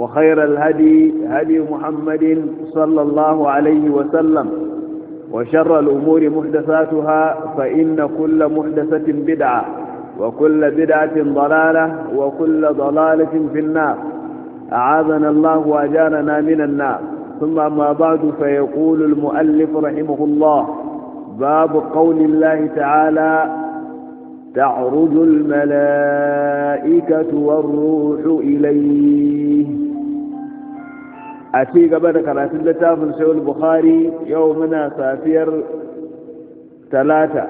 وخير الهدي هدي محمد صلى الله عليه وسلم وشر الأمور محدثاتها فإن كل محدثة بدعة وكل بدعة ضلالة وكل ضلالة في النار أعاذنا الله وأجارنا من النار ثم ما بعد فيقول المؤلف رحمه الله باب قول الله تعالى تعرج الملائكة والروح إليه a ci gaba da karatun littafin shawul bukhari yau muna safiyar talata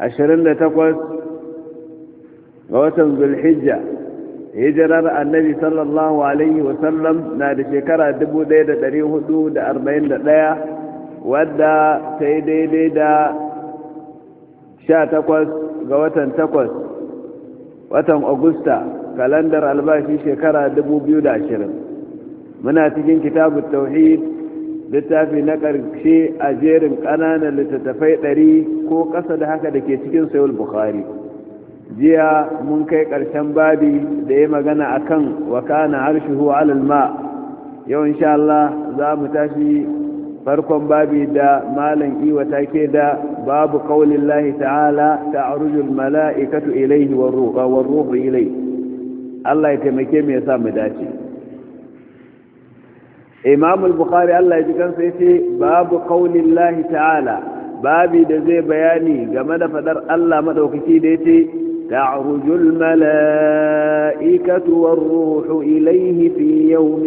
28 ga watan zulhijja hijirar annabi sallallahu alaihi wasallam na da shekara 1441 wadda ta yi daidai da 18 ga watan 8 watan agusta kalandar albashi shekara 2020 muna cikin kitabu tauhid littafi na ƙarshe a jerin ƙananan littattafai ɗari ko ƙasa da haka da ke cikin sayul bukhari jiya mun kai ƙarshen babi da ya magana a kan wakana arshihu alal ma yau insha Allah za mu tashi farkon babi da malam iwa ke da babu kaulin lahi ta'ala ta arujul mala'ikatu ilaihi wa ruhu Allah ya taimake mu yasa sa mu dace امام البخاري الله يذكر سيتي باب قول الله تعالى بابي دزي بياني كما فدر الله مدوكتي ديتي تعرج الملائكة والروح إليه في يوم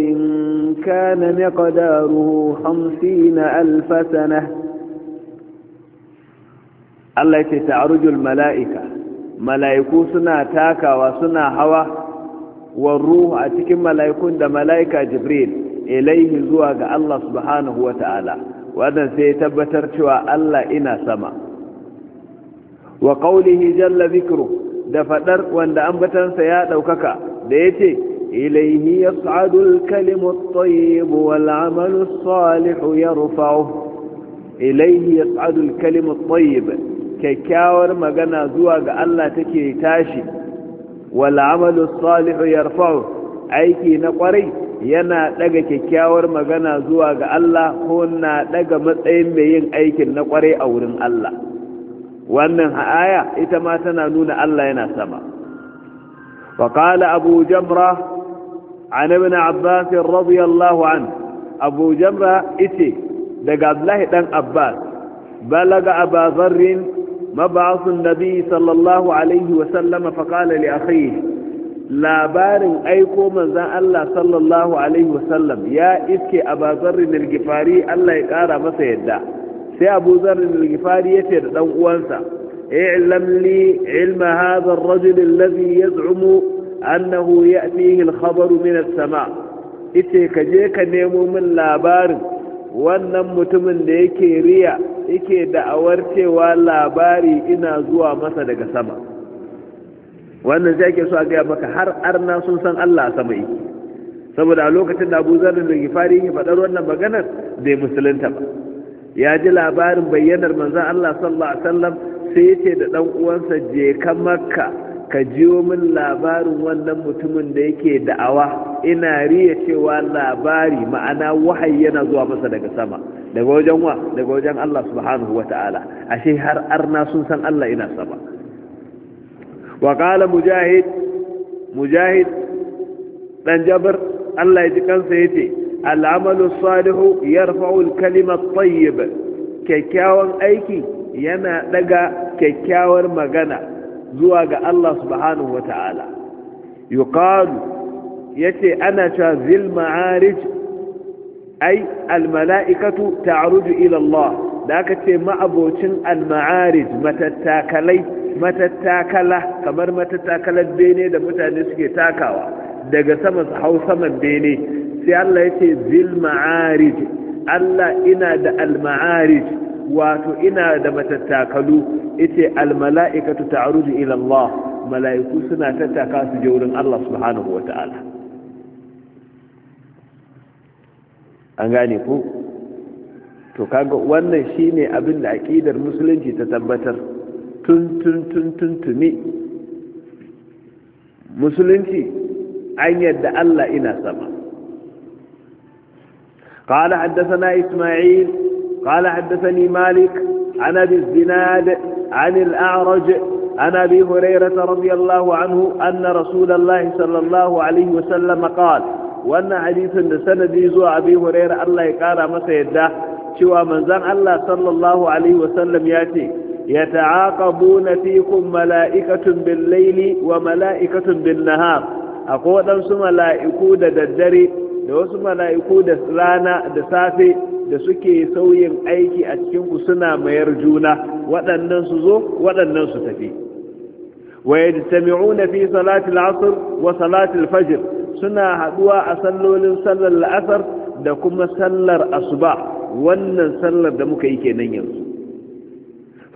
كان مقداره خمسين ألف سنة الله يتي تعرج الملائكة ملائكه سنة تاكا وسنة هوا والروح أتكم ملائكو دا ملائكة جبريل ilaihi zuwa ga Allah subhanahu wa ta'ala wannan sai tabbatar cewa Allah ina sama wa qawlihi jalla dhikru da faɗar wanda ambatansa ya ɗaukaka da yace ilaihi ya al-kalimu at-tayyib 'amalu ilaihi ya al-kalimu kyakkyawar magana zuwa ga Allah take tashi wal 'amalu as-salih aiki na kwarai yana ɗaga kyakkyawar magana zuwa ga Allah ko na ɗaga matsayin mai yin aikin na kwarai a wurin Allah wannan ha'aya ita ma tana nuna Allah yana sama faƙala abu jamra an ibn abbas radiyallahu an abu jamra ite daga abdullahi ɗan abbas balaga a zarrin mabasun nabi sallallahu alaihi wasallama faƙala li akhihi labarin aiko manzan Allah sallallahu Alaihi wasallam ya iske a bazarrin nilgifari Allah ya kara masa yadda sai abu zarrin nilgifari ya ce da ɗan uwansa i'lam li ilma hadha ar-rajul ya yaz'umu annahu ya'tihi al-khabaru min minar sama ita ka je ka nemo min labarin wannan mutumin da yake riya yake da'awar cewa labari ina zuwa masa daga sama wannan zai ke so a gaya maka har arna sun san Allah a sama yake saboda a lokacin da Abu Zarrin da Gifari yake faɗar wannan maganar bai musulunta ba ya ji labarin bayyanar manzan Allah sallallahu alaihi wasallam sai yace da dan uwansa je ka Makka ka jiwo min labarin wannan mutumin da yake da'awa ina riya cewa labari ma'ana wahayi yana zuwa masa daga sama daga wajen wa daga wajen Allah subhanahu wataala ashe har arna sun san Allah ina sama wa qala mujahid mujahid Allah ya ji kansa yace al'amalu salihu yarfa'u al-kalima at kyakkyawan aiki yana daga kyakkyawar magana zuwa ga Allah subhanahu wata'ala yuqalu yace ana cha zil ma'arij ai almalaikatu ta ta'rudu ila Allah da aka ce ma'abocin al-ma'arij matattakalai matattakala kamar matattakalar bene da mutane suke takawa daga sama su hau saman bene sai Allah ya zil ma'arij Allah ina da al ma'arij wato ina da matattakalu yace al mala'ikatu ta'ruju ila Allah mala'iku suna tattaka su je wurin Allah subhanahu wata'ala an gane ku to kaga wannan shine abin da aqidar musulunci ta tabbatar tun tun tun tun tuni musulunci an yadda Allah ina sama قال حدثنا إسماعيل قال حدثني مالك عن أبي الزناد عن الأعرج عن أبي هريرة رضي الله عنه أن رسول الله صلى الله عليه وسلم قال وأن حديث سندي زو أبي هريرة الله قال ما سيده شوى من زن الله صلى الله عليه وسلم يأتي yata'aqabuna fikum mala'ikatun bil laili wa mala'ikatun bin nahar akwai waɗansu mala'iku da daddare da wasu mala'iku da rana da safe da suke sauyin aiki a cikinku suna mayar juna waɗannan su zo waɗannan su tafi wa yajtami'una fi salatul asr wa salatul Fajir suna haɗuwa a sallolin sallar la'asar da kuma sallar asuba wannan sallar da muka yi kenan yanzu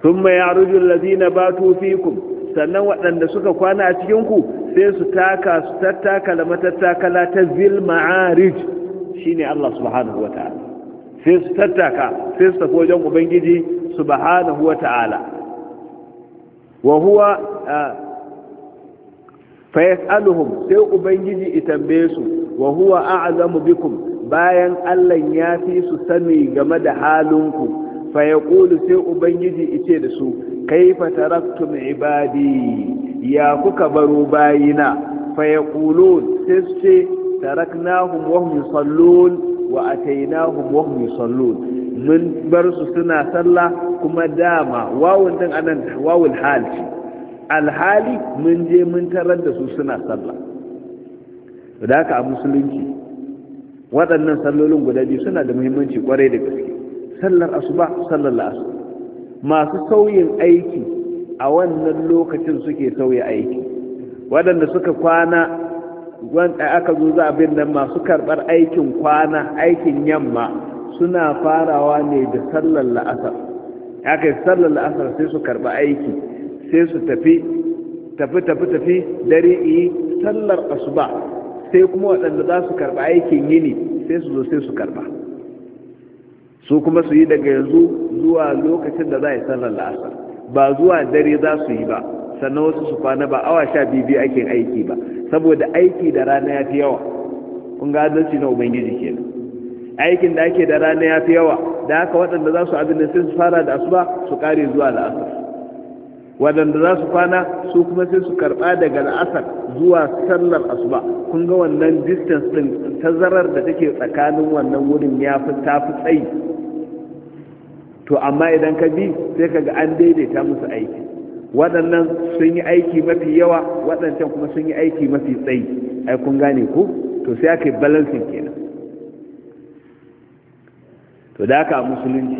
thumma ya'ruju allazina batu fikum sannan waɗanda suka kwana a cikinku sai su taka su tattaka la matattakala ta zil ma'arij ne Allah subhanahu wata'ala sai su tattaka sai su tafi wajen ubangiji subhanahu wata'ala wa huwa fa yas'aluhum sai ubangiji itambaye su wa huwa a'zamu bikum bayan Allah ya fi su sani game da ku. fa sai ubangiji ice da su kai fataraktum ibadi ya kuka baro bayina fa ya sai su ce taraknahum wa hum yusallun wa atainahum wa hum yusallun mun bar su suna sallah kuma dama wawun din anan wawul hal alhali mun je mun tarar da su suna sallah da haka a musulunci waɗannan sallolin guda biyu suna da muhimmanci kwarai da gaske sallar asuba sallar la'asu masu sauyin aiki a wannan lokacin suke sauya aiki waɗanda suka kwana wanda aka zo za abin nan masu karɓar aikin kwana aikin yamma suna farawa ne da sallar la'asar aka yi sallar la'asar sai su karɓi aiki sai su tafi tafi tafi tafi dare yi sallar asuba sai kuma waɗanda za su karɓi aikin yini sai su zo sai su karɓa su kuma su yi daga yanzu zuwa lokacin da za a yi sallar la'asar ba zuwa dare za su yi ba sannan wasu su kwana ba awa sha biyu biyu ake aiki ba saboda aiki da rana ya fi yawa kun ga adalci na ubangiji kenan aikin da ake da rana ya fi yawa da haka waɗanda za su abin da sai su fara da asuba su kare zuwa la'asar waɗanda za su kwana su kuma sai su karɓa daga la'asar zuwa sallar asuba kun ga wannan distance ɗin tazarar da take tsakanin wannan wurin ya fi tafi tsayi to amma idan ka bi sai ka ga an daidaita musu aiki waɗannan sun yi aiki mafi yawa waɗancan kuma sun yi aiki mafi tsayi ai kun gane ku, to sai aka yi balancing kenan to da aka musulunci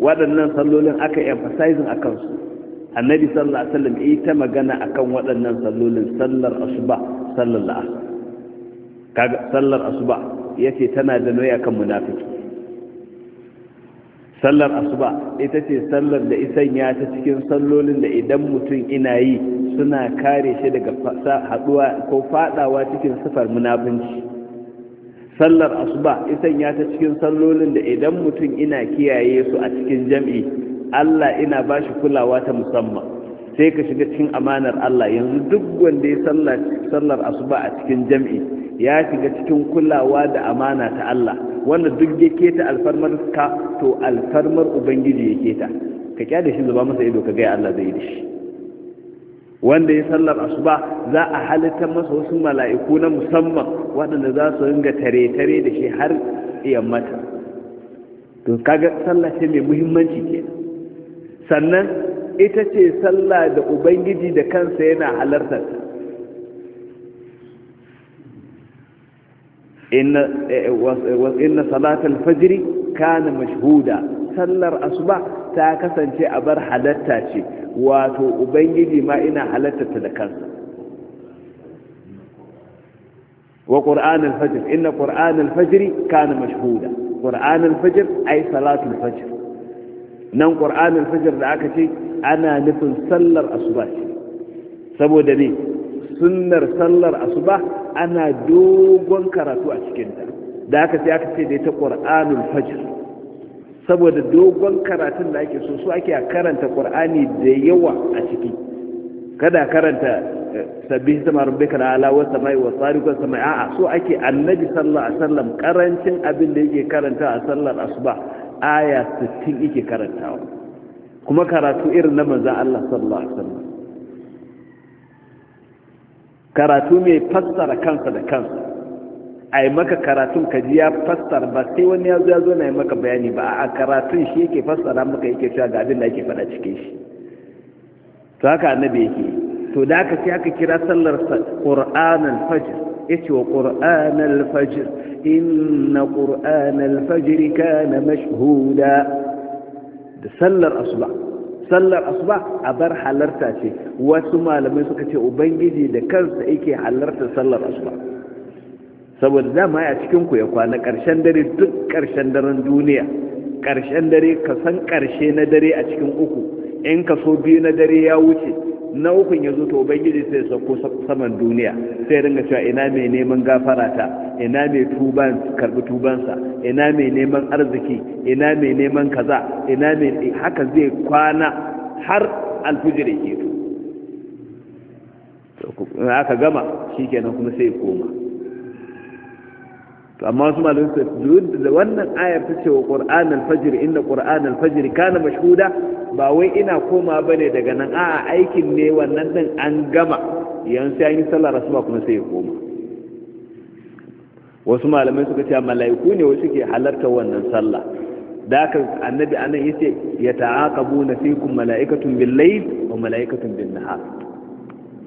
waɗannan sallolin aka emphasizing a kansu annabi sallallahu alaihi wasallam yi ta magana akan waɗannan sallolin sallar asuba sallar wasallam kaga sallar asuba yace tana da nauyi akan munafiki sallar asuba ita ce sallar da isan ya ta cikin sallolin da idan mutum ina yi suna kare shi daga haduwa ko fadawa cikin sifar munafunci sallar asuba isan ya ta cikin sallolin da idan mutum ina kiyaye su a cikin jam'i Allah ina ba shi kulawa ta musamman sai ka shiga cikin amanar Allah yanzu duk wanda ya sallar asuba a cikin jam'i ya shiga cikin kulawa da amana ta Allah wanda duk ya keta alfarmar ka to alfarmar ubangiji ya keta ka da shi zuba masa ido ka gaya Allah zai da shi wanda ya sallar asuba za a halittar masa wasu mala'iku na musamman waɗanda za su ringa tare-tare da shi har yammata to kaga sallah ce mai muhimmanci ke sannan ita ce sallah da ubangiji da kansa yana halartar inna eh, eh, eh, salatul fajri kana mashhuda sallar asuba ta kasance a bar halatta ce wato ubangiji ma ina halartarta da kansa wa qur'an al-fajr inna qur'an al-fajr kana mashhuda qur'an al-fajr ay salatul fajr nan qur'an al-fajr da aka ce ana nufin sallar asuba saboda ne sunnar sallar asuba ana dogon karatu a cikinta da aka sai aka ce da ita ƙwar'anul fajr saboda dogon karatun da ake so su ake karanta ƙwar'ani da yawa a ciki kada karanta eh, sabbihi sama rabbika ala wa samai wa sariqu samai a'a so ake annabi sallallahu alaihi wasallam karancin abin da yake karanta a sallar asuba aya 60 yake karantawa kuma karatu irin na manzan Allah sallallahu alaihi wasallam karatu mai fassara kansa da kansa a yi maka karatun ka ji ya fassara ba sai wani ya zo ya zo na yi maka bayani ba a karatun shi yake fassara maka yake cewa ga abin da yake faɗa cikin shi to haka annabi yake to da aka sai aka kira sallar qur'an al-fajr yace wa qur'an al-fajr inna qur'an al-fajr kana mashhuda da sallar asuba sallar asuba a bar halarta ce wasu malamai suka ce ubangiji da kansa yake halarta sallar asuba saboda dama a cikin ku ya kwana ƙarshen dare duk ƙarshen daren duniya ƙarshen dare ka san ƙarshe na dare a cikin uku in ka so biyu na dare ya wuce na ukun ya zo to ubangiji sai sauko saman duniya sai ringa cewa ina mai neman gafara ta ina mai tuban karbi tubansa ina mai neman arziki ina mai neman kaza ina mai haka zai kwana har alfijir ke to haka gama shikenan kuma sai koma to amma wasu malamai su da wannan ayar ta ce wa qur'an al-fajr inna qur'an al-fajr kana mashhuda ba wai ina koma bane daga nan a'a aikin ne wannan din an gama yan sai an yi sallar rasuwa kuma sai ya koma wasu malamai suka ce mala'iku ne wasu ke halarta wannan sallah da haka annabi anan yace ya ta'aqabuna fikum mala'ikatun bil-layl wa mala'ikatun bin-nahar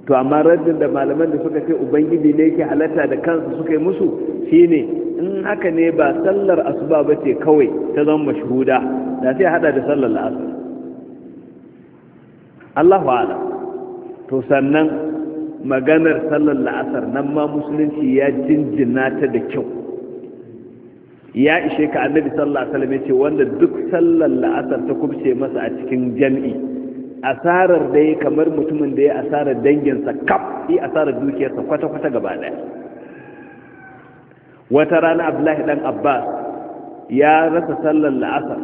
to amma raddin da malaman da suka ce ubangiji ne yake halatta da kansu suka yi musu shine in haka ne ba sallar asuba ba ce kawai ta zama mashhuda da sai hada da sallar la'asar Allah wa'ala to sannan maganar sallar la'asar nan ma musulunci ya jinjina ta da kyau ya ishe ka annabi sallallahu alaihi ce wanda duk sallar la'asar ta kubce masa a cikin jami'i asarar da ya kamar mutumin da ya asarar danginsa kaf yi asarar dukiyarsa kwata-kwata gaba daya wata rana abdullahi dan abbas ya rasa sallar la'asar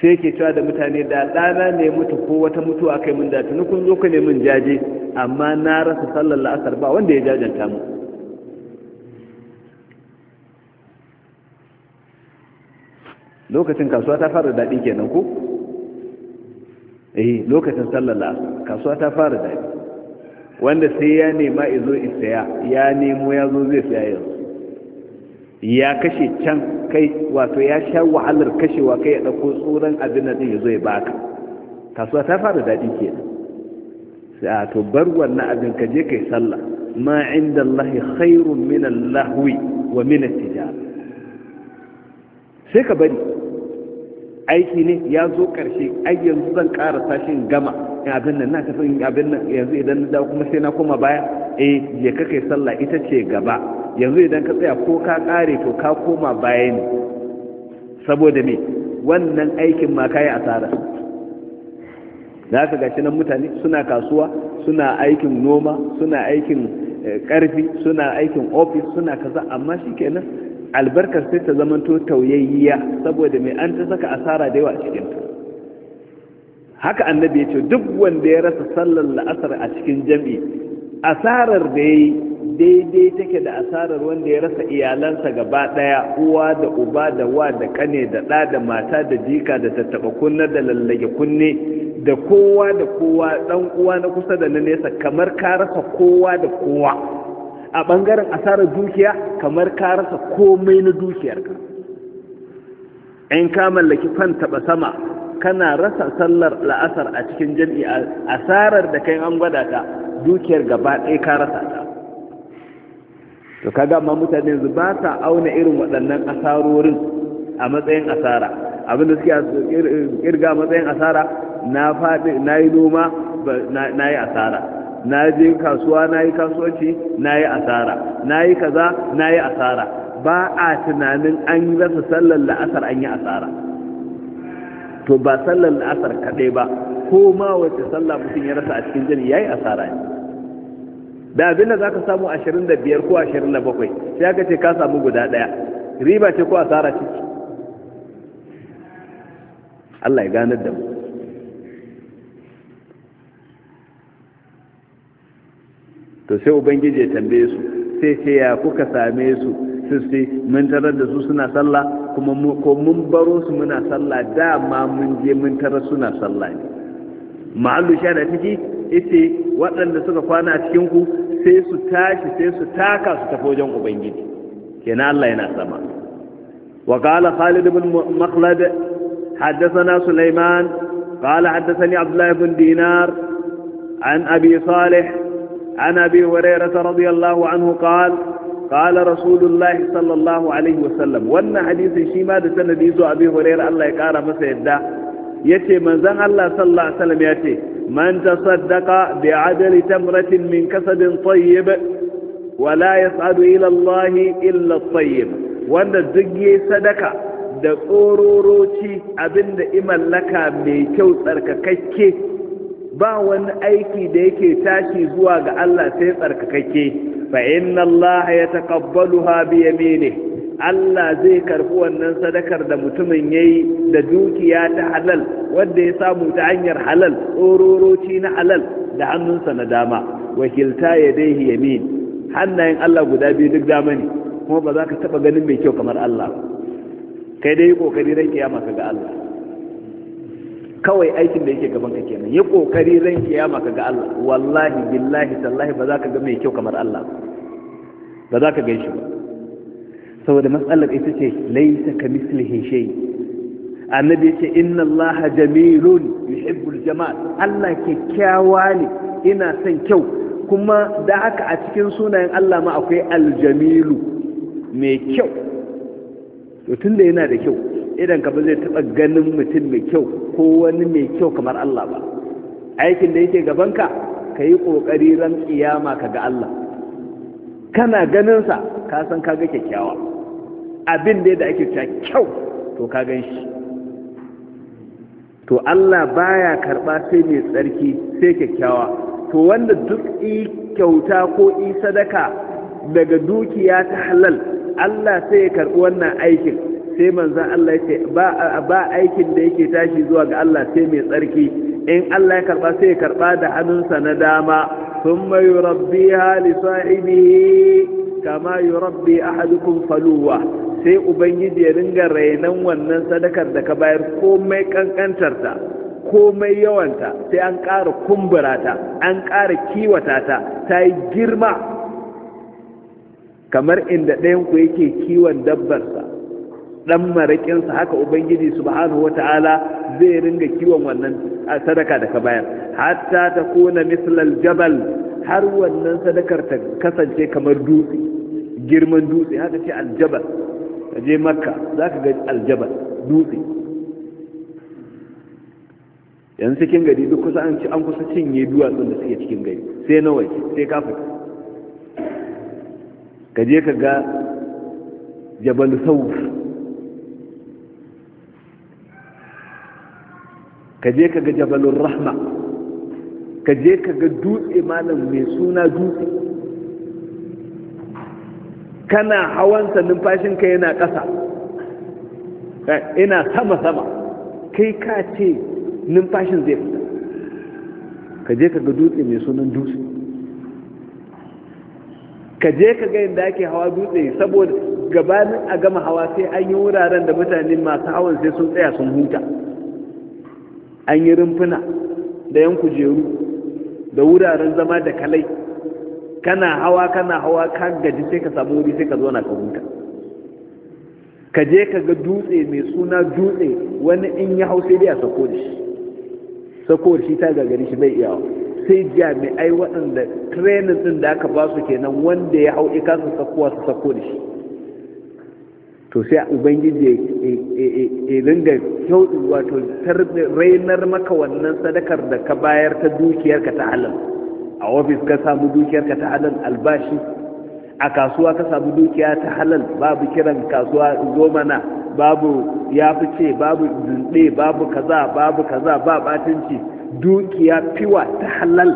sai ke cewa da mutane da ɗana ne mutu ko wata mutu a kai mun da tuni kun zo ku ne mun jaje amma na rasa sallar la'asar ba wanda ya jajanta mu lokacin kasuwa ta fara daɗi kenan ko eh lokacin sallar la'asar kasuwa ta fara daɗi wanda sai ya nema izo isaya ya nemo ya zo zai saya yanzu ya kashe can kai wato ya sha wahalar kashewa kai ya ɗauko tsoron abin da ya zo ya baka kasuwa ta fara daɗi kenan sai a to bar wannan abin ka je kai sallah ma inda Allah khairun min lahwi wa min tijara sai ka bari aiki ne ya zo karshe ai yanzu zan karasa sashin gama in abin nan na tafi abin nan yanzu idan na dawo kuma sai na koma baya eh je ka sallah ita ce gaba yanzu idan ka tsaya ko ka kare to ka koma baya ne saboda me wannan aikin ma kai asara zaka gashi nan mutane suna kasuwa suna aikin noma suna aikin karfi eh, suna aikin ofis suna kaza amma shikenan albarkar sai ta zamanto tauyayya saboda mai an ta saka asara da yawa a cikinta haka annabi ya ce duk wanda ya rasa sallar la'asar a cikin jam'i asarar da ya yi daidai take da asarar wanda ya rasa iyalansa gaba ɗaya uwa da uba da wa da kane da ɗa da mata da jika da tattaɓa kunne da lallage kunne da kowa da kowa ɗan uwa na kusa da na nesa kamar ka rasa kowa da kowa a ɓangaren asarar dukiya kamar ka rasa komai na dukiyarka in ka mallaki fan taɓa sama kana rasa sallar la'asar a cikin jam'i asarar da kai an gwada ta dukiyar gaba ɗaya ka rasa ta to kaga amma mutane yanzu ba sa auna irin waɗannan asarorin a matsayin asara abinda suke kirga matsayin asara na faɗi na yi noma na yi asara na je kasuwa na yi kasuwanci na yi asara na yi kaza na yi asara ba a tunanin an rasa sallar la'asar an yi asara to ba sallar la'asar kaɗai ba ko ma wace sallah mutum ya rasa a cikin jini ya yi asara ne da abin da za ka samu 25 ko 27 sai aka ce ka samu guda ɗaya riba ce ko asara ce Allah ya ganar da mu to sai ubangiji ya tambaye su sai ce ya kuka same su su ce mun tarar da su suna sallah kuma ko mun baro su muna sallah dama mun je mun tarar suna sallah ne ma'allu sha da ciki ita waɗanda suka kwana a cikin ku sai su tashi sai su taka su tafi wajen ubangiji kenan Allah yana sama wa qala Khalid ibn Makhlad حدثنا سليمان قال حدثني عبد الله بن دينار عن أبي هريرة رضي الله عنه قال قال رسول الله صلى الله عليه وسلم وأن حديث شيما دسنا ديزو أبي هريرة الله يقارى مسيدا يتي من زن الله صلى الله عليه وسلم يتي من تصدق بعدل تمرة من كسب طيب ولا يصعد إلى الله إلا الطيب وأن الزجي صدقة da tsororoci abinda imallaka mai kyau tsarkakakke ba wani aiki da yake tashi zuwa ga Allah sai tsarkakakke fa inna Allah ya taqabbaluha bi yamine Allah zai karbi wannan sadakar da mutumin yayi da dukiya ta halal wanda ya samu ta hanyar halal tsororoci na halal da hannunsa na dama wakilta yadayhi yamin hannayen Allah guda biyu duk dama ne kuma ba za ka taba ganin mai kyau kamar Allah kai dai kokari ran ya maka ga Allah kawai aikin da yake gaban ka kenan ya kokari ran kiyama ka ga Allah wallahi billahi tallahi ba za ka ga mai kyau kamar Allah ba za ka gaishe ba saboda matsalar ita ce laisa ka mislihi shay annabi ya ce inna Allah jamilun yuhibbul jamal Allah kyakkyawa ne ina son kyau kuma da haka a cikin sunayen Allah ma akwai aljamilu mai kyau to tunda yana da kyau idan ka ba zai taɓa ganin mutum mai kyau ko wani mai kyau kamar Allah ba aikin da yake gabanka ka yi ƙoƙari ran ƙiyama ka ga Allah kana ganinsa ka san ka ga kyakkyawa abin da ake cewa kyau to ka gan shi to Allah baya karɓa sai mai tsarki sai kyakkyawa to wanda duk i kyauta ko i sadaka daga dukiya ta halal Allah sai ya karɓi wannan aikin sai manzan Allah ya ce ba aikin da yake tashi zuwa ga Allah sai mai tsarki in Allah ya karba sai ya karba da hannunsa na dama thumma yurabbiha li sahibihi kama yurabbi ahadukum faluwa sai ubangiji ya ringa rainan wannan sadakar da ka bayar komai kankantarta komai yawanta sai an ƙara kumburata an ƙara kiwata ta ta yi girma kamar inda ɗayan ku yake kiwon dabbarsa dan marakinsa haka ubangiji subhanahu wata'ala zai ringa kiwon wannan sadaka da ka bayar hatta ta kona mislal jabal har wannan sadakar ta kasance kamar dutse girman dutse haka ce aljabal ka je makka za ka ga aljabal dutse yan cikin gari duk kusa an ci an kusa cinye duwatsun da suke cikin gari sai nawa sai ka fita ka je ka ga jabal sauf ka je ka ga jabalun rahma ka je ka ga dutse malam mai suna dutse kana hawansa numfashinka yana ƙasa ina eh, sama-sama kai ka ce numfashin zai fita ka je ka ga dutse mai sunan dutse ka je ka ga yadda ake hawa dutse saboda gabanin a gama hawa sai an yi wuraren da mutane masu hawan sai sun tsaya sun huta an yi rumfuna da yan kujeru da wuraren zama da kalai kana hawa kana hawa ka gaji sai ka samu wuri sai ka zo na ka ka je ka ga dutse mai suna dutse wani in ya hau sai dai sako da shi sako da shi ta gagari shi bai iyawa sai jami'ai waɗanda trenin ɗin da aka ba su kenan wanda ya hau ika sakowa su sako da shi to sai ubangiji ya ringa kyau wato rainar maka wannan sadakar da ka bayar ta dukiyarka ta halal a ofis ka samu dukiyarka ta halal albashi a kasuwa ka samu dukiya ta halal babu kiran kasuwa zo mana babu ya ce babu zunɗe babu kaza babu kaza ba batunci dukiya fiwa ta halal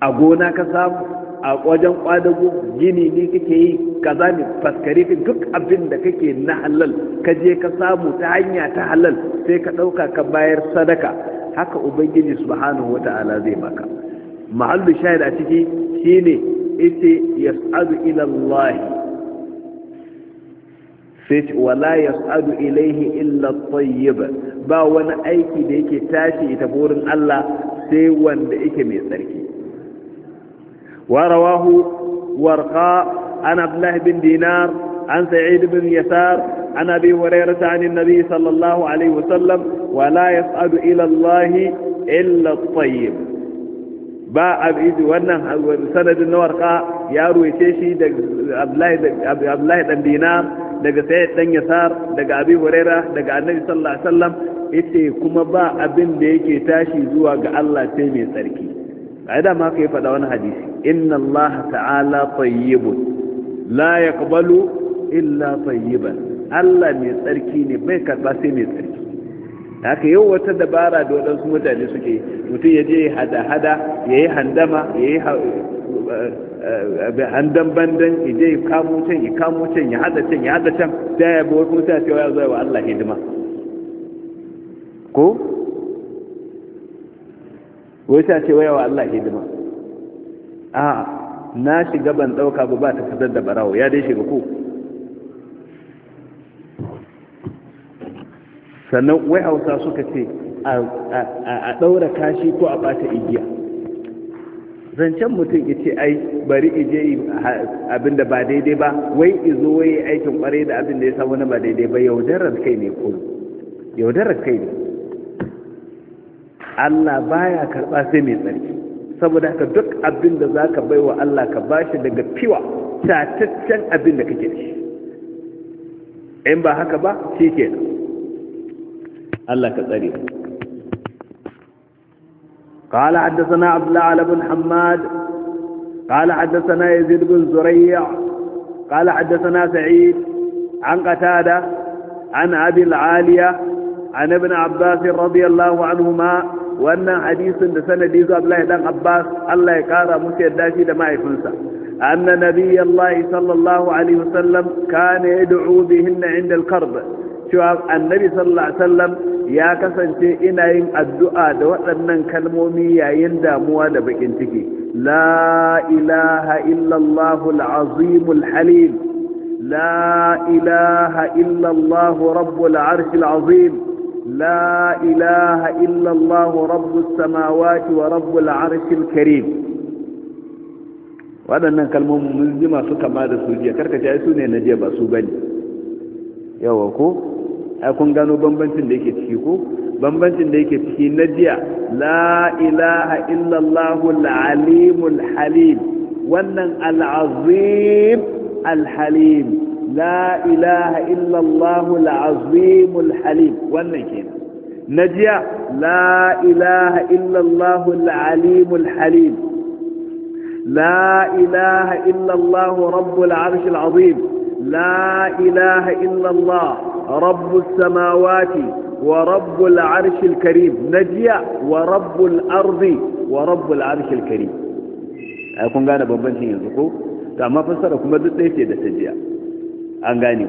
a gona ka samu a wajen kwadago gini ne kake yi kaza faskari faskarifin duk abin da kake na halal ka je ka samu ta hanya ta halal sai ka ɗauka ka bayar sadaka haka ubangiji subhanahu wa ta'ala zai maka mahallu shahid a ciki shine ita yas'adu ila Allah sai wala yas'adu ilaihi illa tayyib ba wani aiki da yake tashi ita burin Allah sai wanda yake mai tsarki ورواه ورقاء عن عبد الله بن دينار عن سعيد بن يسار عن أبي هريرة عن النبي صلى الله عليه وسلم ولا يصعد إلى الله إلا الطيب ba abidu wannan sanadin na warka ya ruwace shi daga abdullahi dan dinar daga sayyid dan yasar daga abi huraira daga annabi sallallahu alaihi wasallam yace kuma ba abin da yake tashi zuwa ga Allah sai mai tsarki ai da ma kai faɗa wani hadisi inna Allah ta'ala tayyibun la yaqbalu illa tayyiban Allah mai tsarki ne bai karba sai mai tsarki haka yau wata dabara da waɗansu mutane suke mutum ya je hada-hada ya yi handama ya yi handan bandan ya je ya kamo can ya kamo can ya hada can ya hada can da ya bai wasu ta cewa ya zai wa Allah hidima ko? wai ta cewa ya wa Allah hidima a na shiga ban ɗauka ba ba ta fitar da barawo ya dai shiga ko sannan wai hausa suka ce a ɗaura kashi ko a bata igiya zancen mutum ya ce ai bari ije abin ba daidai ba wai izo wai aikin kwarai da abin ya samu na ba daidai ba yaudarar kai ne ko yaudarar kai ne Allah baya karɓa sai mai tsarki saboda haka duk abin da za ka bai wa Allah ka ba shi daga fiwa tataccen abin da kake shi in ba haka ba shi ke Allah ka tsare قال حدثنا عبد الله بن حماد قال حدثنا يزيد بن زريع قال حدثنا سعيد عن قتادة عن أبي العالية عن ابن عباس رضي الله عنهما wannan hadisin da sanadi zuwa Abdullahi dan Abbas Allah ya kara musu yadda shi da mahaifinsa anna nabiyallahi sallallahu alaihi wasallam kana yad'u bihinna inda al-karb cewa annabi sallallahu alaihi wasallam ya kasance ina yin addu'a da waɗannan kalmomi yayin damuwa da bakin ciki la ilaha illallah al-azim al-halim la ilaha illallah rabbul arshil azim لا إله إلا الله رب السماوات ورب العرش الكريم waɗannan kalmomin mun jima masu kama da su jiya karkace ai su ne na ba su bane yawa ko ai kun gano bambancin da yake ciki ko bambancin da yake ciki na jiya la ilaha illallahu al-alimul halim wannan al-azim al-halim la ilaha illallah al-azim al-halim wannan kenan na jiya la ilaha illallah al-alim al-halim la ilaha illallah rabbul arsh al-azim la ilaha illallah rabbus samawati ورب العرش الكريم نجيا ورب الأرض ورب العرش الكريم أكون قانا بمبنشي ينزقو تعمى فسر أكون بدأت ليش يدى تجيا an gane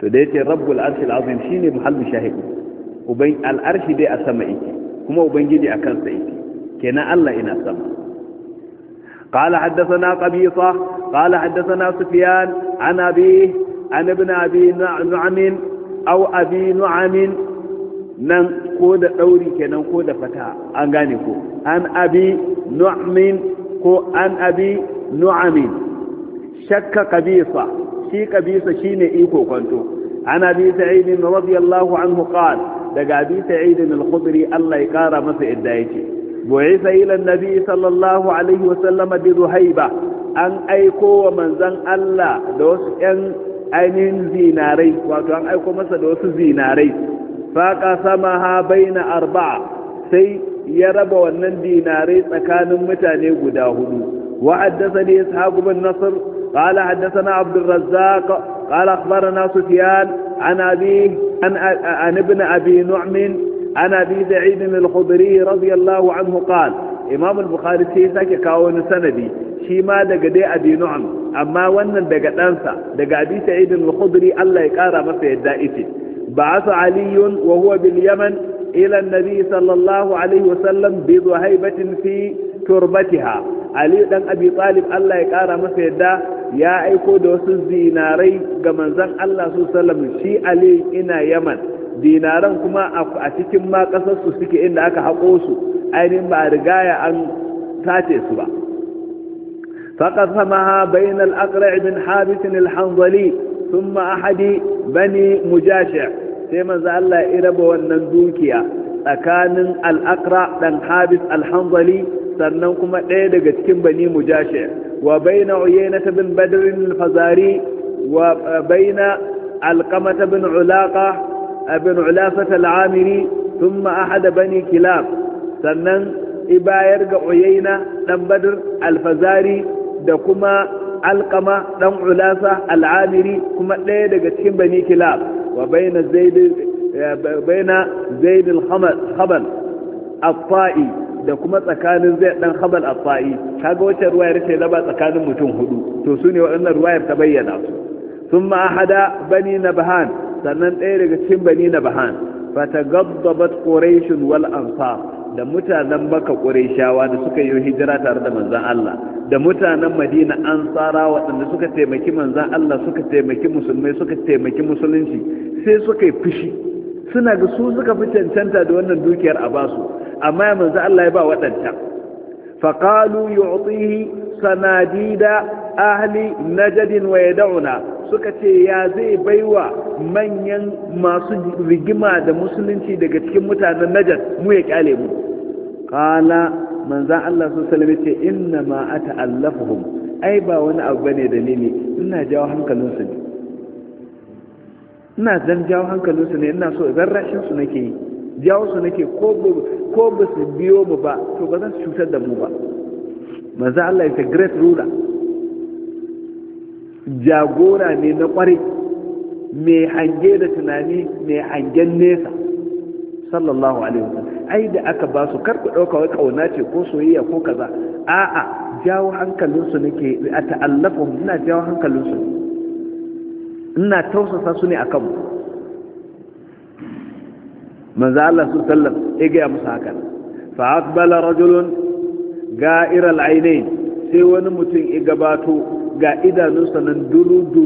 to da yake rabbul arshil azim shine muhallu shahid uban al'arshi dai a sama yake kuma ubangiji a kansa yake kenan Allah ina sama قال حدثنا قبيصة قال حدثنا سفيان عن أبيه عن ابن أبي نعم أو أبي نعم nan ko da ɗauri kenan ko da fata an gane ko an abi nu'min ko an shakka kabisa shi kabisa shine iko kwanto ana bi sa'id radiyallahu anhu qala daga bi sa'id al Allah ya kara masa idda yake bu'isa ila an-nabi sallallahu alaihi wa bi zuhaiba an aiko wa manzan Allah da wasu ƴan ainihin zinarai wato an aiko masa da wasu zinarai faqa samaha baina arba'a sai ya raba wannan dinarai tsakanin mutane guda hudu ne ya ishaq bin nasar. قال حدثنا عبد الرزاق قال أخبرنا سفيان عن أبيه عن, عن ابن أبي نعم عن أبي سعيد الخضري رضي الله عنه قال إمام البخاري سيساك كاون سندي شيما دقدي أبي نعم أما ونن دقدانسا دق أبي سعيد الخضري الله يقارى مسيح الدائتي بعث علي وهو باليمن إلى النبي صلى الله عليه وسلم بذهيبة في turbatiha ali dan abi talib Allah ya kara masa yadda ya aiko da wasu zinarai ga manzon Allah su sallam shi ali ina yaman dinaran kuma a cikin ma kasar su suke inda aka haƙo su ainihin ba a rigaya an tace su ba فقسمها بين الأقرع بن حابس الحنظلي ثم أحد bani مجاشع sai manzo Allah ya raba wannan dukiya tsakanin al'akra ɗan habis alhambali sannan kuma ɗaya daga cikin bani mujashi wa baina uyayna bin badrin al-fazari wa eh, baina alqamata bin ulaqa eh, bin ulafata al-amiri thumma ahad bani kilab sannan ibayar ga uyayna dan badr al-fazari da kuma alqama ɗan ulasa alamiri amiri kuma ɗaya daga cikin bani kilab wa baina zaid baina zaid al-khamal al-fa'i da kuma tsakanin zai dan khamal al-fa'i kaga wacce ruwayar ce raba tsakanin mutum hudu to sune waɗannan ruwayar ta bayyana su ma hada bani bahan sannan ɗaya daga cikin bani nabhan fatagabbabat quraish wal ansar da mutanen maka ƙureshawa da suka yi hijira tare da manzan Allah da mutanen madina an tsara waɗanda suka taimaki manzan Allah suka taimaki musulmai suka taimaki musulunci sai suka yi fushi suna ga su suka fi cancanta da wannan dukiyar a basu amma ya manzo Allah ya ba waɗancan faƙalu yu'tihi sanadida ahli najadin wa yad'una suka ce ya zai baiwa manyan masu rigima da musulunci daga cikin mutanen najad mu ya kyale mu qala manzo Allah sallallahu alaihi ce inna ma ata'allafuhum ai ba wani abu bane dalili ina jawo hankalinsu ne ina zan jawo hankalinsu ne ina so zan rashinsu nake yi jawo su nake ko ba su biyo mu ba to ba zan cutar da mu ba maza Allah ya great ruler jagora ne na kwarai mai hange da tunani mai hangen nesa sallallahu alaihi wasallam ai da aka ba su karku dauka wai kauna ce ko soyayya ko kaza a'a jawo hankalinsu nake a ta'allafa ina jawo hankalinsu ina tausasa su ne a kanmu manzo Allah su sallar ya gaya musu hakan fa aqbala rajulun ga'ir al sai wani mutum ya gabato ga idanunsa nan durudu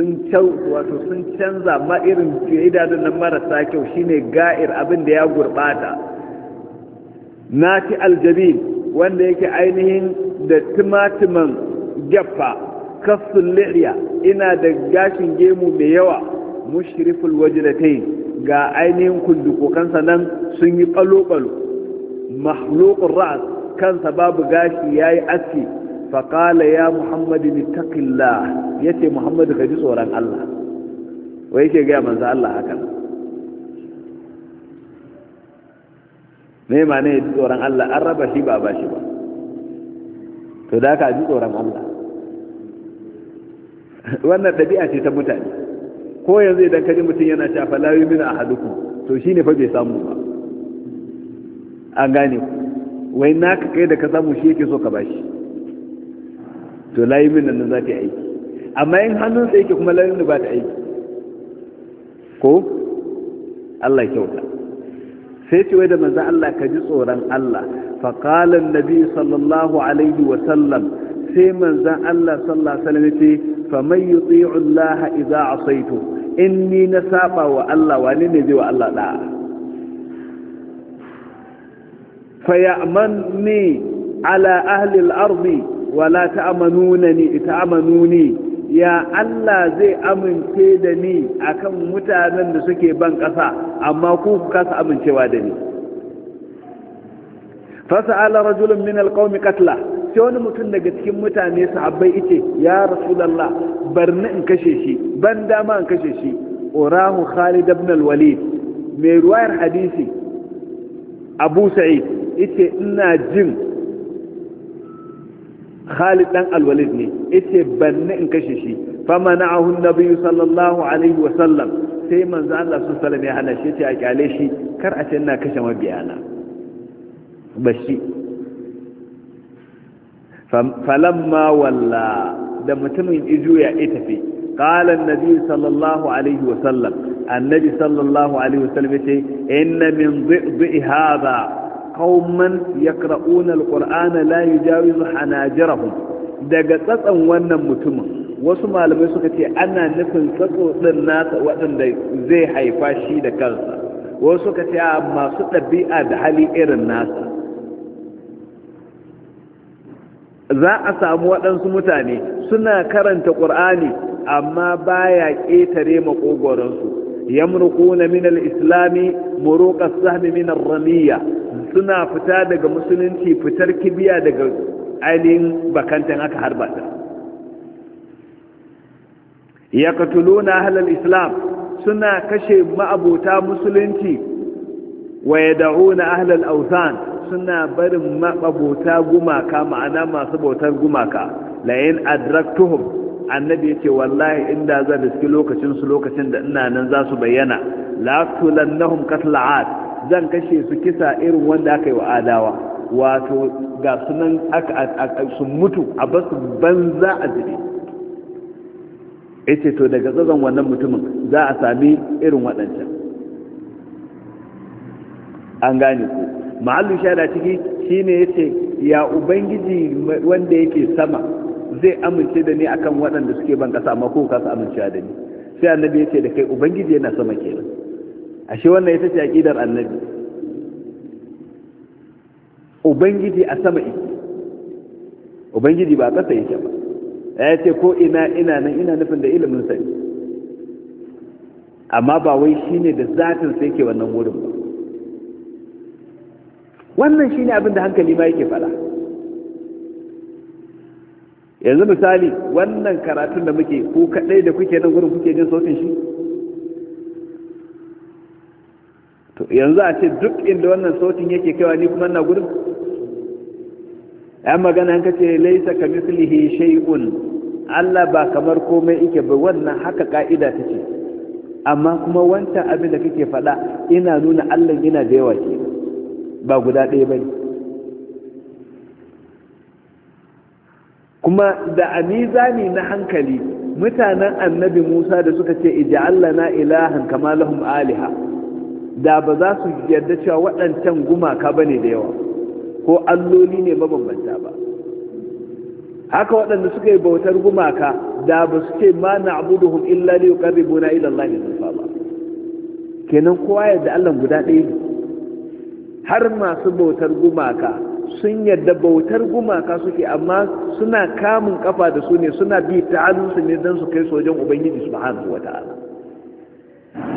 sun wato sun canza ma irin idanun nan marasa kyau shine ga'ir abin da ya gurbata nati aljabi wanda yake ainihin da timatiman gaffa kassun liriya ina da gashin gemu mai yawa mushriful wajdatain ga ainihin kundukokansa nan sun yi balo-balo mahluqur ra'as kansa babu gashi yayi aski faqala ya muhammad ya yace Muhammadu ka ji tsoron Allah wai yake ga manzo Allah hakan me ma ne tsoron Allah an raba shi ba ba shi ba to da ka ji tsoron Allah wannan ɗabi'a ce ta mutane ko yanzu idan kaji mutum yana cewa fa la yu'minu ahadukum to shine fa bai samu ba an gane ku wai naka kai da ka samu shi yake so ka bashi to la yu'minu nan za ta aiki amma in hannun sai yake kuma la yu'minu ba ta aiki ko Allah kyauta sai ce wai da manzo Allah ka ji tsoron Allah fa qala an-nabi sallallahu alaihi wa sallam sai manzan Allah sallallahu alaihi wasallam asaito? In yuti'u Allah idza asaitu inni na saba wa Allah wani ne zai wa Allah da fa ya'manni ala ahli al-ardi wa la ta'manunani ta'manuni ya Allah zai amince da ni akan mutanen da suke ban ƙasa amma ku kasa amincewa da ni ala رجل min القوم katla. sai wani mutum daga cikin mutane sahabbai ice ya rasulallah ni in kashe shi ban dama in kashe shi urahu khalid ibn al-walid mai ruwayar hadisi abu sa'id ice ina jin khalid dan al-walid ne ice barni in kashe shi famana'ahu an-nabi sallallahu alaihi wa sallam sai manzo Allah sallallahu alaihi wa sallam ya hana shi ya kyale shi kar a ce ina kashe mabiyana bashi falamma walla da mutumin ijuya ya tafi qala annabi sallallahu alaihi wa sallam annabi sallallahu alaihi wa yace inna min dhi'i hadha qauman yaqra'una alqur'ana la yujawizu hanajirahum daga tsatsan wannan mutumin wasu malamai suka ce ana nufin tsatso din nasa waɗanda zai haifa shi da kansa wasu suka ce masu ɗabi'a da hali irin nasa za a samu waɗansu mutane suna karanta ƙur'ani amma baya ƙetare maƙogwaransu yamruquna na minal islami muruqa sahmi min ramiya suna fita daga musulunci fitar kibiya daga ainihin bakantan aka harba ta na halal islam suna kashe ma'abota musulunci wa na ahlal awthan suna barin maɓabota gumaka ma'ana masu bautar gumaka layin adraktuhum annabi ya wallahi inda zan riski lokacin su lokacin da ina nan za su bayyana nahum katla'at zan kashe su kisa irin wanda aka yi wa adawa wato ga sunan aka sun mutu a basu banza a jiri ita to daga tsazon wannan mutumin za a sami irin waɗancan an gane ku Mahallin shaida ciki shi ne ya ce, ya ubangiji wanda yake sama zai amince da ni akan waɗanda suke ban kasa amma ko su amincewa da ni sai annabi ya ce da kai ubangiji yana sama kenan ashe wannan ita ce aqidar annabi ubangiji a sama yake ubangiji ba kasa yake ba ya ce ko ina ina nan ina nufin da ilimin sani amma ba wai shine da zatin sai yake wannan wurin ba wannan shi ne abin da hankali ma yake fada yanzu misali wannan karatun da muke ko kaɗai da kuke nan gurin kuke jin sautin shi to yanzu a ce duk inda wannan sautin yake kaiwa ni kuma na gudun? ya magana yanka ce laisa ka mislihi shay'un Allah ba kamar komai ike ba wannan haka ka'ida ta ce amma kuma wancan abin da kake faɗa ina nuna Allah yana da yawa kenan ba guda ɗaya ba kuma da a na hankali mutanen annabi musa da suka ce allah na ilahan kama lahum aliha da ba za su yarda cewa waɗancan gumaka ba ne da yawa ko alloli ne mabambanta ba haka waɗanda suka yi bautar gumaka da ba su ce ma na abuduhum illa ne yuqarribuna ila Allah zulfa ba kenan kowa yadda Allah guda ɗaya ne har masu bautar gumaka sun yadda bautar gumaka suke amma suna kamun kafa da su ne suna bi ta su ne don su kai sojan ubangiji subhanahu wa ta'ala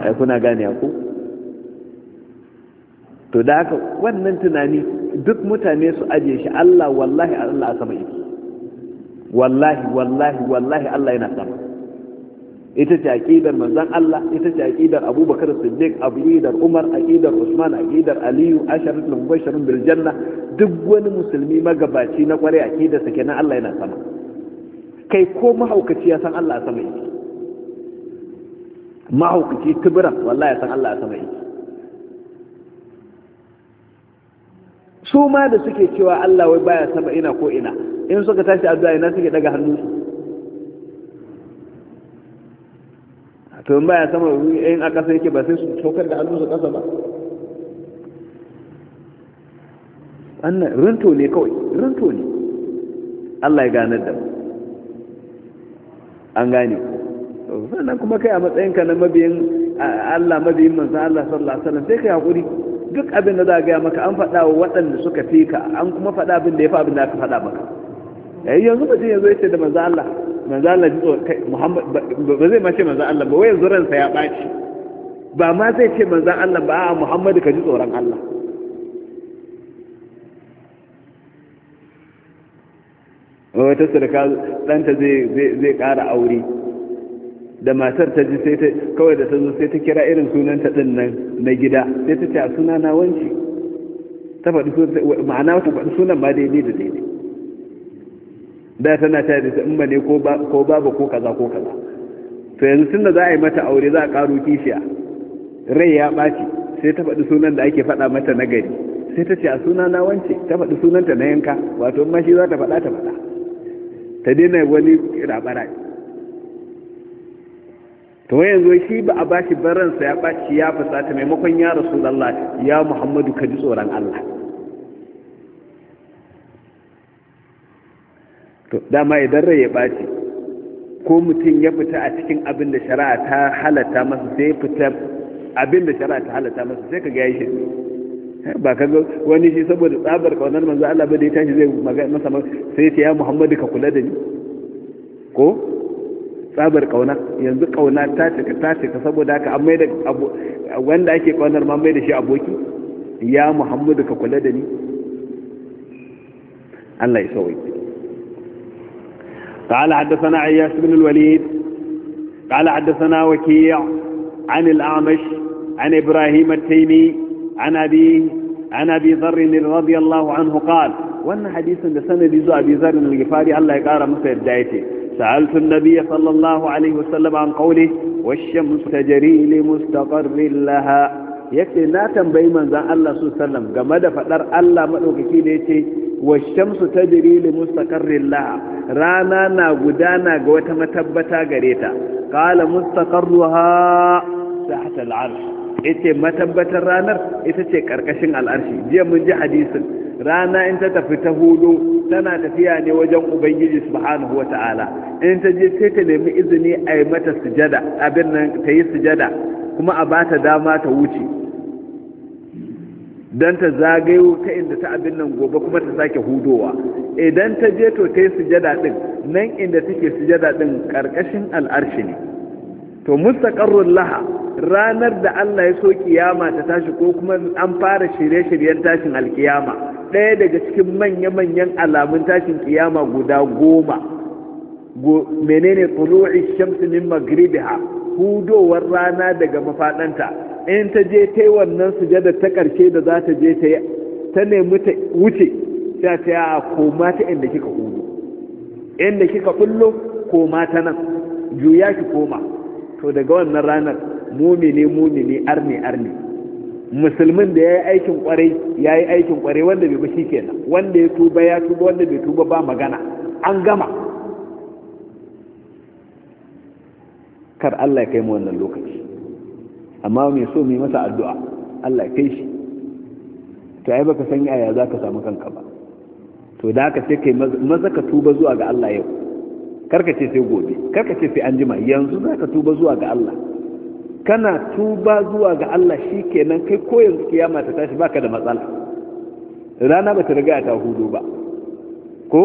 ai kuna gane ku to da haka wannan tunani duk mutane su aje shi Allah wallahi Allah a sama iki wallahi wallahi wallahi Allah yana sama ita ce aqidar manzon Allah ita ce aqidar Abubakar Siddiq aqidar Umar aqidar Usman aqidar Aliyu asharatu mubashirun bil janna duk wani musulmi magabaci na kware aqidar sa kenan Allah yana sama kai ko mahaukaci ya san Allah sama yake mahaukaci tubura wallahi ya san Allah sama yake su ma da suke cewa Allah wai baya sama ina ko ina in suka tashi addu'a ina suke daga hannunsu to in ya sama in a ƙasa yake ba sai su tokar da su ƙasa ba annan rinto ne kawai rinto ne Allah ya ganar da mu an gane sannan kuma kai a matsayinka na mabiyin Allah mabiyin manzan Allah sallallahu alaihi wasallam sai kai hakuri duk abin da za a gaya maka an faɗa wa waɗanda suka fi ka an kuma faɗa abin da ya fi abin da aka faɗa maka eh yanzu mutum yanzu ya ce da manzo Allah manzo Allah ji kai Muhammad ba zai ma ce manzo Allah ba wai yanzu ransa ya ɓaci ba ma zai ce manzo Allah ba a Muhammadu ka ji tsoron Allah ta surka ɗanta zai ƙara aure da matar ta ji sai ta kawai da ta zo sai ta kira irin sunanta ɗin nan na gida sai ta ce a suna wanci ta faɗi ma'ana ta faɗi sunan ma daidai da daidai da tana ta da in ba ne ko babu ko kaza ko kaza to yanzu tunda za a yi mata aure za a karo kishiya rai ya ɓaci sai ta faɗi sunan da ake faɗa mata na gari sai ta ce a suna na wance ta faɗi sunanta na yanka wato amma shi za ta faɗa ta faɗa ta daina wani rabara to yanzu shi ba a bashi baransa ya ɓaci ya fusata maimakon ya rasu ya muhammadu ka ji tsoron allah to dama idan rai ya ɓaci ko mutum ya fita a cikin abin da shari'a ta halatta masa sai fita abin da shari'a ta halatta masa sai ka ga shi eh, ba ka ga wani shi saboda tsabar kaunar manzo Allah ba da ya tashi zai masa sai ya Muhammadu ka kula da ni ko tsabar kauna yanzu kauna ta cika ta cika saboda haka an mai da wanda ake kaunar ma mai da shi aboki ya Muhammadu ka kula da ni Allah ya sauke قال حدثنا عياش بن الوليد قال حدثنا وكيع عن الأعمش عن إبراهيم التيمي عن أبي عن أبي ذر رضي الله عنه قال وأن حديثا لسند ذو أبي ذر الغفاري الله يقار مسا يدعيته سألت النبي صلى الله عليه وسلم عن قوله والشمس تجري لمستقر لها yake na tambayi manzan Allah su sallam game da faɗar Allah maɗaukaki da ya ce washamsu ta jiri li mustaqarrin rana na gudana ga wata matabbata gare ta qala mustaqarruha tahta al'arsh ita matabbatar ranar ita ce karkashin al'arshi jiya mun ji hadisin rana in ta tafi ta hudu tana tafiya ne wajen ubangiji subhanahu wata'ala in ta je sai ta nemi izini a yi mata sujada abin nan ta yi sujada kuma a ba ta dama ta wuce don ta zagayo ta inda ta abin nan gobe kuma ta sake hudowa idan ta je to ta yi sujada din nan inda take sujada din karkashin al'arshi ne to mustaqarrul laha ranar da Allah ya so kiyama ta tashi ko kuma an fara shirye-shiryen tashin alkiyama ɗaya daga cikin manya-manyan alamun tashin kiyama guda goma menene tulu'i shamsi min magribiha hudowar rana daga mafaɗanta in ta je ta yi wannan sujada ta ƙarshe da za ta je ta yi ta nemi ta wuce ta ta ya koma ta inda kika hudu inda kika kullu koma ta nan juya ki koma to daga wannan ranar mumini mumini arni arni musulmin da ya yi aikin kwarai ya yi aikin kwarai wanda bai bashi kenan wanda ya tuba ya tuba wanda bai tuba ba magana an gama kar Allah ya kai mu wannan lokaci amma mai so mai masa addu'a Allah kai shi to ai baka san yaya za ka samu kanka ba to da aka ce kai maza ka tuba zuwa ga Allah yau karka ce sai gobe karka ce sai an jima yanzu za ka tuba zuwa ga Allah kana tuba zuwa ga Allah shi kenan kai ko kiyama ta tashi baka da matsala rana ba ta riga ta hudu ba ko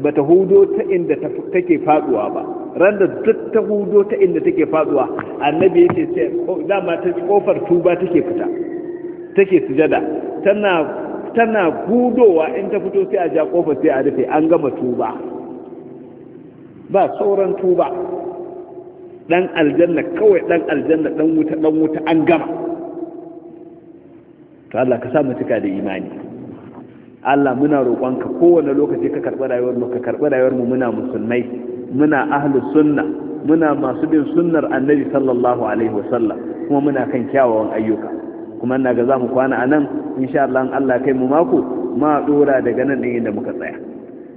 ba ta hudu ta inda take faduwa ba ran da duk ta hudo ta inda take faduwa annabi ya ce dama ta kofar tuba take fita take sujada tana tana gudowa in ta fito sai a ja kofar sai a rufe an gama tuba ba sauran tuba dan aljanna kawai dan aljanna dan wuta dan wuta an gama to Allah ka sa mu cika da imani Allah muna roƙonka kowane lokaci ka karɓi rayuwar mu ka karɓi rayuwar mu muna musulmai muna ahli sunna muna masu bin sunnar annabi sallallahu alaihi wasallam kuma muna kan kyawawan ayyuka kuma ina ga zamu kwana anan insha Allah Allah kai mu mako ma dora daga nan din inda muka tsaya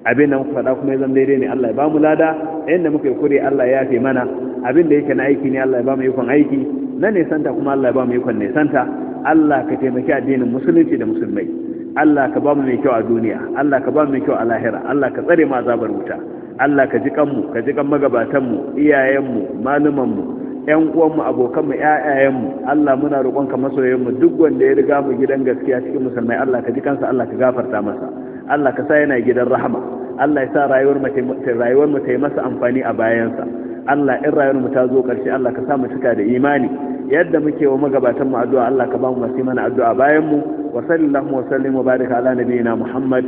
abin da muka faɗa kuma ya zama daidai ne Allah ya bamu lada inda muka yi kure Allah ya yafe mana abin da yake na aiki ne Allah ya bamu ikon aiki na nesanta kuma Allah ya bamu ikon nesanta Allah ka taimaki addinin musulunci da musulmai Allah ka bamu mai kyau a duniya Allah ka bamu mai kyau a lahira Allah ka tsare mu azabar wuta Allah ka ji kanmu ka ji kan magabatanmu iyayenmu malumanmu yan uwanmu abokanmu ƴaƴayenmu Allah muna roƙon ka masoyanmu duk wanda ya riga mu gidan gaskiya cikin musulmai Allah ka ji kansa Allah ka gafarta masa Allah ka sa yana gidan rahama Allah ya sa rayuwar mu rayuwar mu ta yi masa amfani a bayansa Allah in rayuwar mu ta zo ƙarshe Allah ka sa mu cika da imani yadda muke wa magabatan mu addu'a Allah ka ba mu masu mana addu'a bayan mu wa sallallahu wa sallim wa baraka ala nabiyyina Muhammad